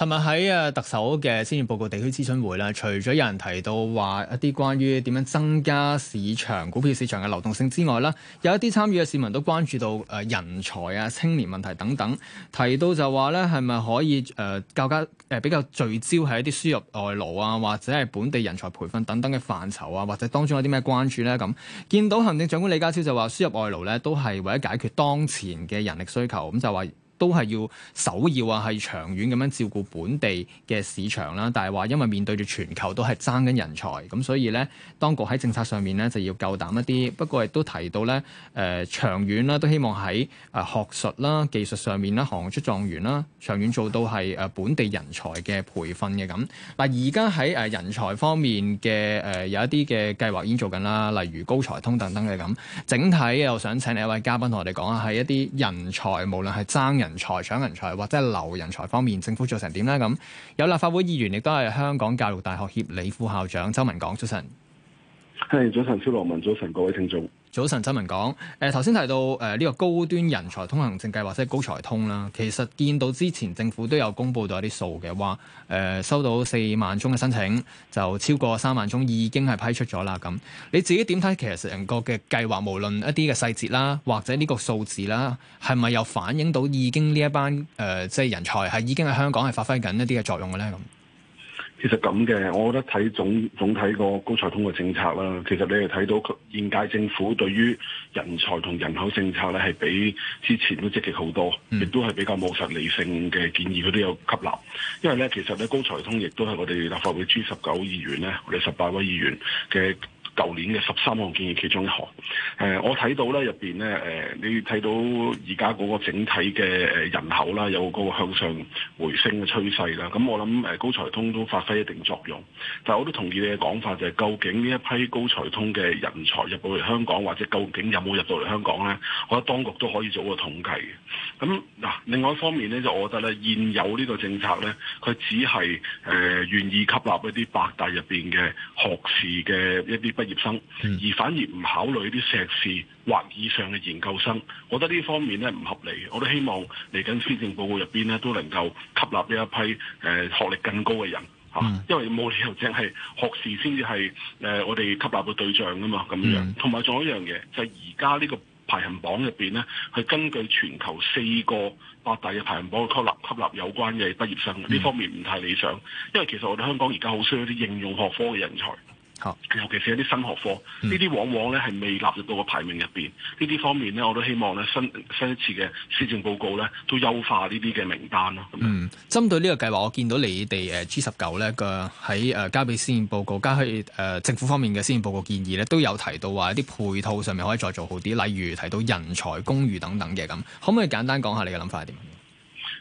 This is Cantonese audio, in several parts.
琴日喺啊特首嘅施政報告地區諮詢會啦，除咗有人提到話一啲關於點樣增加市場股票市場嘅流動性之外啦，有一啲參與嘅市民都關注到誒人才啊、青年問題等等，提到就話咧係咪可以誒較加誒比較聚焦喺一啲輸入外勞啊，或者係本地人才培訓等等嘅範疇啊，或者當中有啲咩關注咧咁？見到行政長官李家超就話輸入外勞咧都係為咗解決當前嘅人力需求，咁就話。都係要首要啊，係長遠咁樣照顧本地嘅市場啦。但係話因為面對住全球，都係爭緊人才，咁所以呢當局喺政策上面呢，就要夠膽一啲。不過亦都提到呢，誒、呃、長遠啦，都希望喺誒學術啦、技術上面啦，行出狀元啦，長遠做到係誒本地人才嘅培訓嘅咁。嗱，而家喺誒人才方面嘅誒、呃、有一啲嘅計劃已經做緊啦，例如高才通等等嘅咁。整體我想請你一位嘉賓同我哋講下，係一啲人才無論係爭人。人才搶人才或者係留人才方面，政府做成點呢？咁有立法會議員亦都係香港教育大學協理副校長周文港，早晨。係早晨，肖羅文，早晨各位聽眾。早晨，周文講港，誒頭先提到，誒呢、呃這個高端人才通行證計劃，即係高才通啦。其實見到之前政府都有公布到一啲數嘅，話、呃、誒收到四萬宗嘅申請，就超過三萬宗已經係批出咗啦。咁你自己點睇？其實成個嘅計劃，無論一啲嘅細節啦，或者呢個數字啦，係咪又反映到已經呢一班誒、呃，即係人才係已經喺香港係發揮緊一啲嘅作用咧？咁？其實咁嘅，我覺得睇總總體個高才通嘅政策啦，其實你哋睇到現屆政府對於人才同人口政策咧，係比之前都積極好多，亦都係比較冇實理性嘅建議，佢都有吸納。因為咧，其實咧高才通亦都係我哋立法會 G 十九議員咧，我哋十八位議員嘅。舊年嘅十三項建議其中一項，誒、呃、我睇到咧入邊咧誒，你睇到而家嗰個整體嘅誒人口啦，有個向上回升嘅趨勢啦，咁、嗯、我諗誒高才通都發揮一定作用，但係我都同意你嘅講法、就係，就係究竟呢一批高才通嘅人才入到嚟香港，或者究竟有冇入到嚟香港咧，我覺得當局都可以做個統計嘅。咁嗱、啊，另外一方面咧，就我覺得咧，現有呢個政策咧，佢只係誒、呃、願意吸納一啲百大入邊嘅學士嘅一啲不業生，嗯、而反而唔考慮啲碩士或以上嘅研究生，我覺得呢方面呢唔合理。我都希望嚟緊施政報告入邊呢，都能夠吸納呢一批誒、呃、學歷更高嘅人吓、啊，因為冇理由淨係學士先至係誒我哋吸納嘅對象噶嘛咁樣。同埋仲有一樣嘢，就係而家呢個排行榜入邊呢，係根據全球四個八大嘅排行榜去吸納吸納有關嘅畢業生，呢方面唔太理想。因為其實我哋香港而家好需要啲應用學科嘅人才。尤其是一啲新學科，呢啲往往咧係未納入到個排名入邊。呢啲方面咧，我都希望咧新新一次嘅施政報告咧，都優化呢啲嘅名單咯。嗯，針對呢個計劃，我見到你哋誒 G 十九咧個喺誒交俾施政報告加去誒、呃、政府方面嘅施政報告建議咧，都有提到話一啲配套上面可以再做好啲，例如提到人才公寓等等嘅咁，可唔可以簡單講下你嘅諗法係點？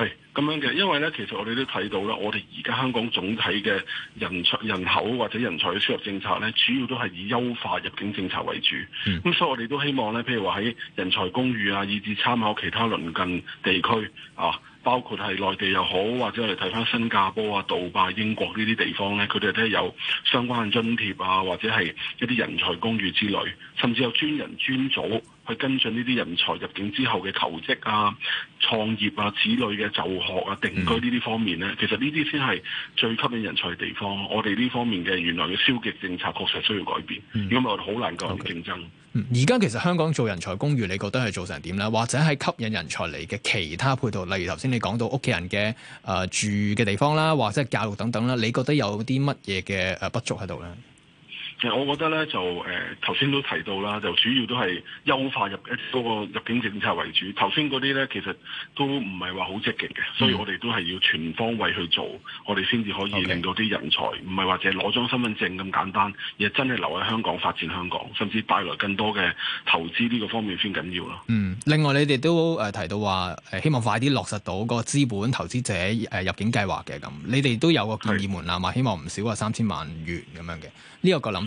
係咁樣嘅，因為咧，其實我哋都睇到啦，我哋而家香港總體嘅人才、人口或者人才嘅輸入政策咧，主要都係以優化入境政策為主。咁、嗯、所以我哋都希望咧，譬如話喺人才公寓啊，以至參考其他鄰近地區啊，包括係內地又好，或者我哋睇返新加坡啊、杜拜、英國呢啲地方咧，佢哋都係有相關嘅津貼啊，或者係一啲人才公寓之類，甚至有專人專組。去跟進呢啲人才入境之後嘅求職啊、創業啊、子女嘅就學啊、定居呢啲方面咧，其實呢啲先係最吸引人才嘅地方。我哋呢方面嘅原來嘅消極政策確實需要改變，如果、嗯、唔係好難講競爭。而家 Okay.、嗯、其實香港做人才公寓，你覺得係做成點咧？或者係吸引人才嚟嘅其他配套，例如頭先你講到屋企人嘅誒、呃、住嘅地方啦，或者係教育等等啦，你覺得有啲乜嘢嘅誒不足喺度咧？我覺得咧就誒頭先都提到啦，就主要都係優化入嗰入，入境政策為主。頭先嗰啲咧其實都唔係話好積極嘅，所以我哋都係要全方位去做，我哋先至可以令到啲人才唔係話淨係攞張身份證咁簡單，而真係留喺香港發展香港，甚至帶來更多嘅投資呢個方面先緊要咯。嗯，另外你哋都誒提到話誒希望快啲落實到個資本投資者誒、啊、入境計劃嘅咁，你哋都有個建議門檻嘛？是的 希望唔少話三千萬元咁樣嘅呢、呢個個諗。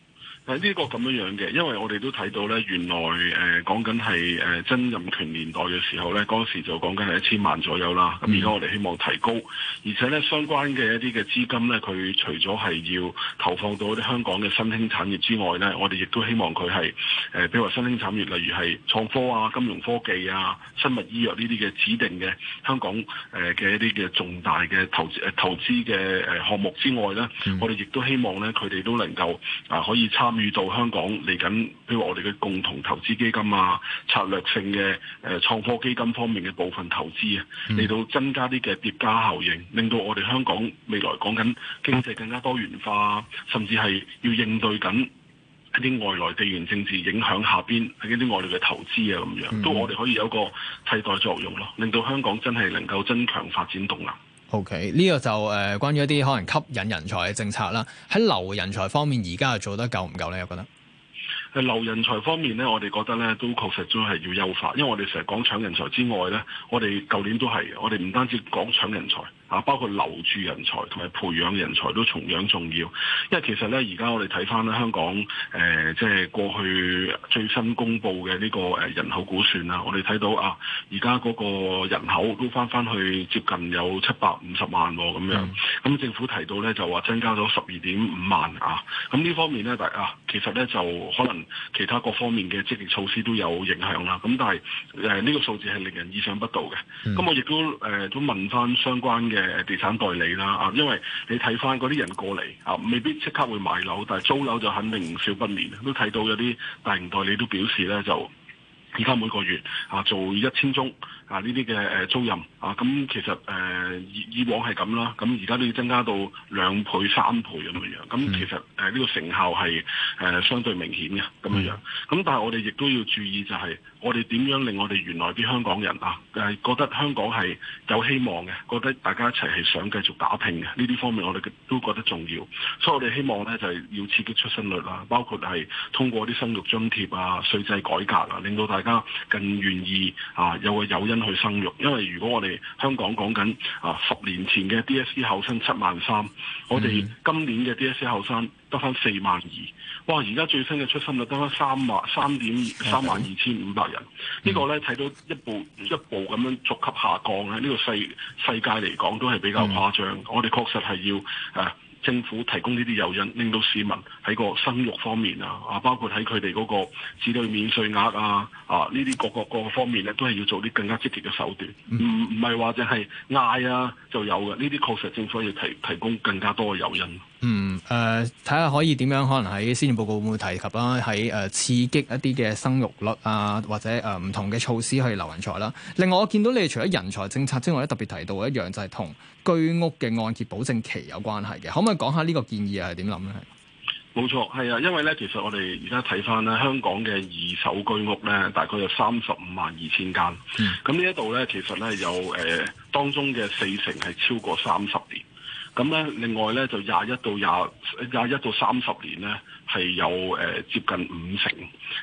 係呢個咁樣樣嘅，因為我哋都睇到咧，原來誒講緊係誒曾蔭權年代嘅時候咧，嗰時就講緊係一千萬左右啦。咁而家我哋希望提高，而且咧相關嘅一啲嘅資金咧，佢除咗係要投放到啲香港嘅新興產業之外咧，我哋亦都希望佢係誒，比如話新興產業，例如係創科啊、金融科技啊、生物醫藥呢啲嘅指定嘅香港誒嘅一啲嘅重大嘅投資誒投資嘅誒項目之外咧，我哋亦都希望咧佢哋都能夠啊、呃、可以參。遇到香港嚟緊，譬如我哋嘅共同投資基金啊、策略性嘅誒創科基金方面嘅部分投資啊，嚟、嗯、到增加啲嘅疊加效應，令到我哋香港未來講緊經濟更加多元化，甚至係要應對緊一啲外來地緣政治影響下邊一啲外來嘅投資啊咁樣都我哋可以有個替代作用咯、啊，令到香港真係能夠增強發展動能。OK，呢個就誒、呃、關於一啲可能吸引人才嘅政策啦。喺留人才方面，而家又做得夠唔夠呢？我覺得喺留人才方面呢，我哋覺得呢都確實都係要優化，因為我哋成日講搶人才之外呢，我哋舊年都係我哋唔單止講搶人才。啊，包括留住人才同埋培養人才都同樣重要，因為其實咧，而家我哋睇翻咧香港誒即係過去最新公布嘅呢、呢個誒、呃、人口估算啦，我哋睇到啊，而家嗰個人口都翻翻去接近有七百五十萬咁、哦、樣，咁政府提到咧就話增加咗十二點五萬啊，咁呢方面咧大啊，其實咧就可能其他各方面嘅積極措施都有影響啦，咁但係誒呢個數字係令人意想不到嘅，咁我亦都誒、呃、都問翻相關嘅。誒地產代理啦，啊，因為你睇返嗰啲人過嚟啊，未必即刻會買樓，但係租樓就肯定少不免，都睇到有啲大型代理都表示咧就。而家每個月啊，做一千宗啊呢啲嘅誒租賃啊，咁其實誒、啊、以以往係咁啦，咁而家都要增加到兩倍三倍咁樣樣，咁、啊、其實誒呢、啊這個成效係誒、啊、相對明顯嘅咁樣樣。咁、啊、但係我哋亦都要注意就係、是、我哋點樣令我哋原來啲香港人啊誒、啊、覺得香港係有希望嘅，覺得大家一齊係想繼續打拼嘅呢啲方面，我哋都覺得重要，所以我哋希望咧就係、是、要刺激出生率啦，包括係通過啲生育津貼啊、稅制改革啊，令到大家。更願意啊有個誘因去生育，因為如果我哋香港講緊啊十年前嘅 DSE 考生七萬三，我哋今年嘅 DSE 考生得翻四萬二，哇！而家最新嘅出生率得翻三萬三點三萬二千五百人，呢、嗯、個呢睇到一步一步咁樣逐級下降咧，呢、呢個世世界嚟講都係比較誇張，嗯、我哋確實係要啊。政府提供呢啲誘因，令到市民喺個生育方面啊，啊，包括喺佢哋嗰個子女免稅額啊，啊，呢啲各個各個方面咧，都係要做啲更加積極嘅手段，唔唔係話淨係嗌啊就有嘅，呢啲確實政府要提提供更加多嘅誘因。嗯誒，睇、呃、下可以點樣可能喺施政報告會唔會提及啦，喺、呃、誒刺激一啲嘅生育率啊，或者誒唔、呃、同嘅措施去留人才啦、啊。另外，我見到你哋除咗人才政策之外咧，特別提到一樣就係、是、同居屋嘅按揭保證期有關係嘅，可唔可以講下呢個建議係點諗咧？冇錯，係啊，因為咧，其實我哋而家睇翻咧，香港嘅二手居屋咧，大概有三十五萬二千間，咁、嗯、呢一度咧，其實咧有誒、呃、當中嘅四成係超過三十年。咁咧，另外咧就廿一到廿廿一到三十年咧，係有誒、呃、接近五成，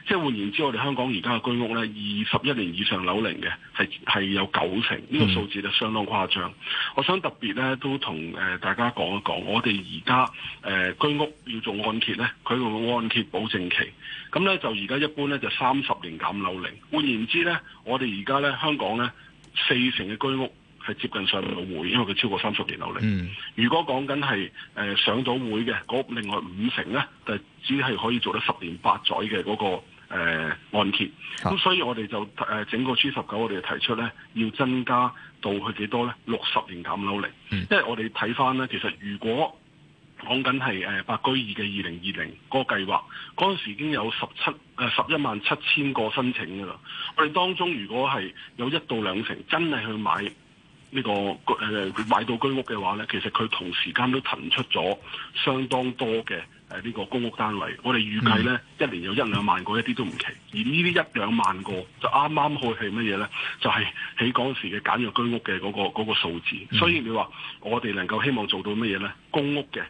即係換言之，我哋香港而家嘅居屋咧，二十一年以上樓齡嘅係係有九成，呢、這個數字就相當誇張。我想特別咧都同誒大家講一講，我哋而家誒居屋要做按揭咧，佢個按揭保證期，咁咧就而家一般咧就三十年減樓齡。換言之咧，我哋而家咧香港咧四成嘅居屋。係接近上個會，因為佢超過三十年樓齡。嗯、如果講緊係誒上到會嘅嗰另外五成呢，就只係可以做得十年八載嘅嗰、那個按揭。咁、呃啊、所以我哋就誒、呃、整個 G 十九，我哋就提出呢，要增加到去幾多呢？六十年減樓齡，嗯、因為我哋睇翻呢，其實如果講緊係誒白居二嘅二零二零嗰個計劃，嗰時已經有十七誒十一萬七千個申請噶啦。我哋當中如果係有一到兩成真係去買。呢、這個誒、呃、買到居屋嘅話呢，其實佢同時間都騰出咗相當多嘅誒呢個公屋單位。我哋預計呢，嗯、一年有一兩萬個，嗯、一啲都唔奇。而呢啲一兩萬個就啱啱開啱啱好係乜嘢呢？就係喺嗰時嘅簡約居屋嘅嗰、那個嗰數、那個那個、字。嗯、所以你話我哋能夠希望做到乜嘢呢？公屋嘅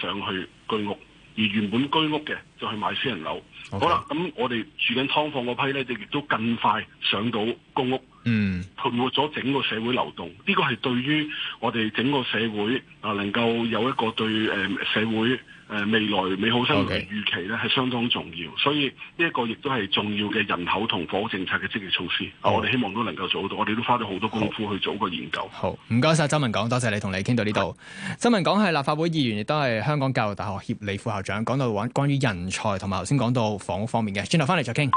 上去居屋，而原本居屋嘅就去買私人樓。Okay. 好啦，咁我哋住緊劏房嗰批呢，就亦都更快上到公屋。嗯，盤活咗整個社會流動，呢、這個係對於我哋整個社會啊，能夠有一個對誒社會誒未來美好生活嘅預期咧，係相當重要。Okay. 所以呢一個亦都係重要嘅人口同房屋政策嘅積極措施。Oh. 我哋希望都能夠做到，我哋都花咗好多功夫去做個研究。好，唔該晒周文港，多謝，謝你同你傾到呢度。是周文港係立法會議員，亦都係香港教育大學協理副校長，講到玩關於人才同埋頭先講到房屋方面嘅，轉頭翻嚟再傾。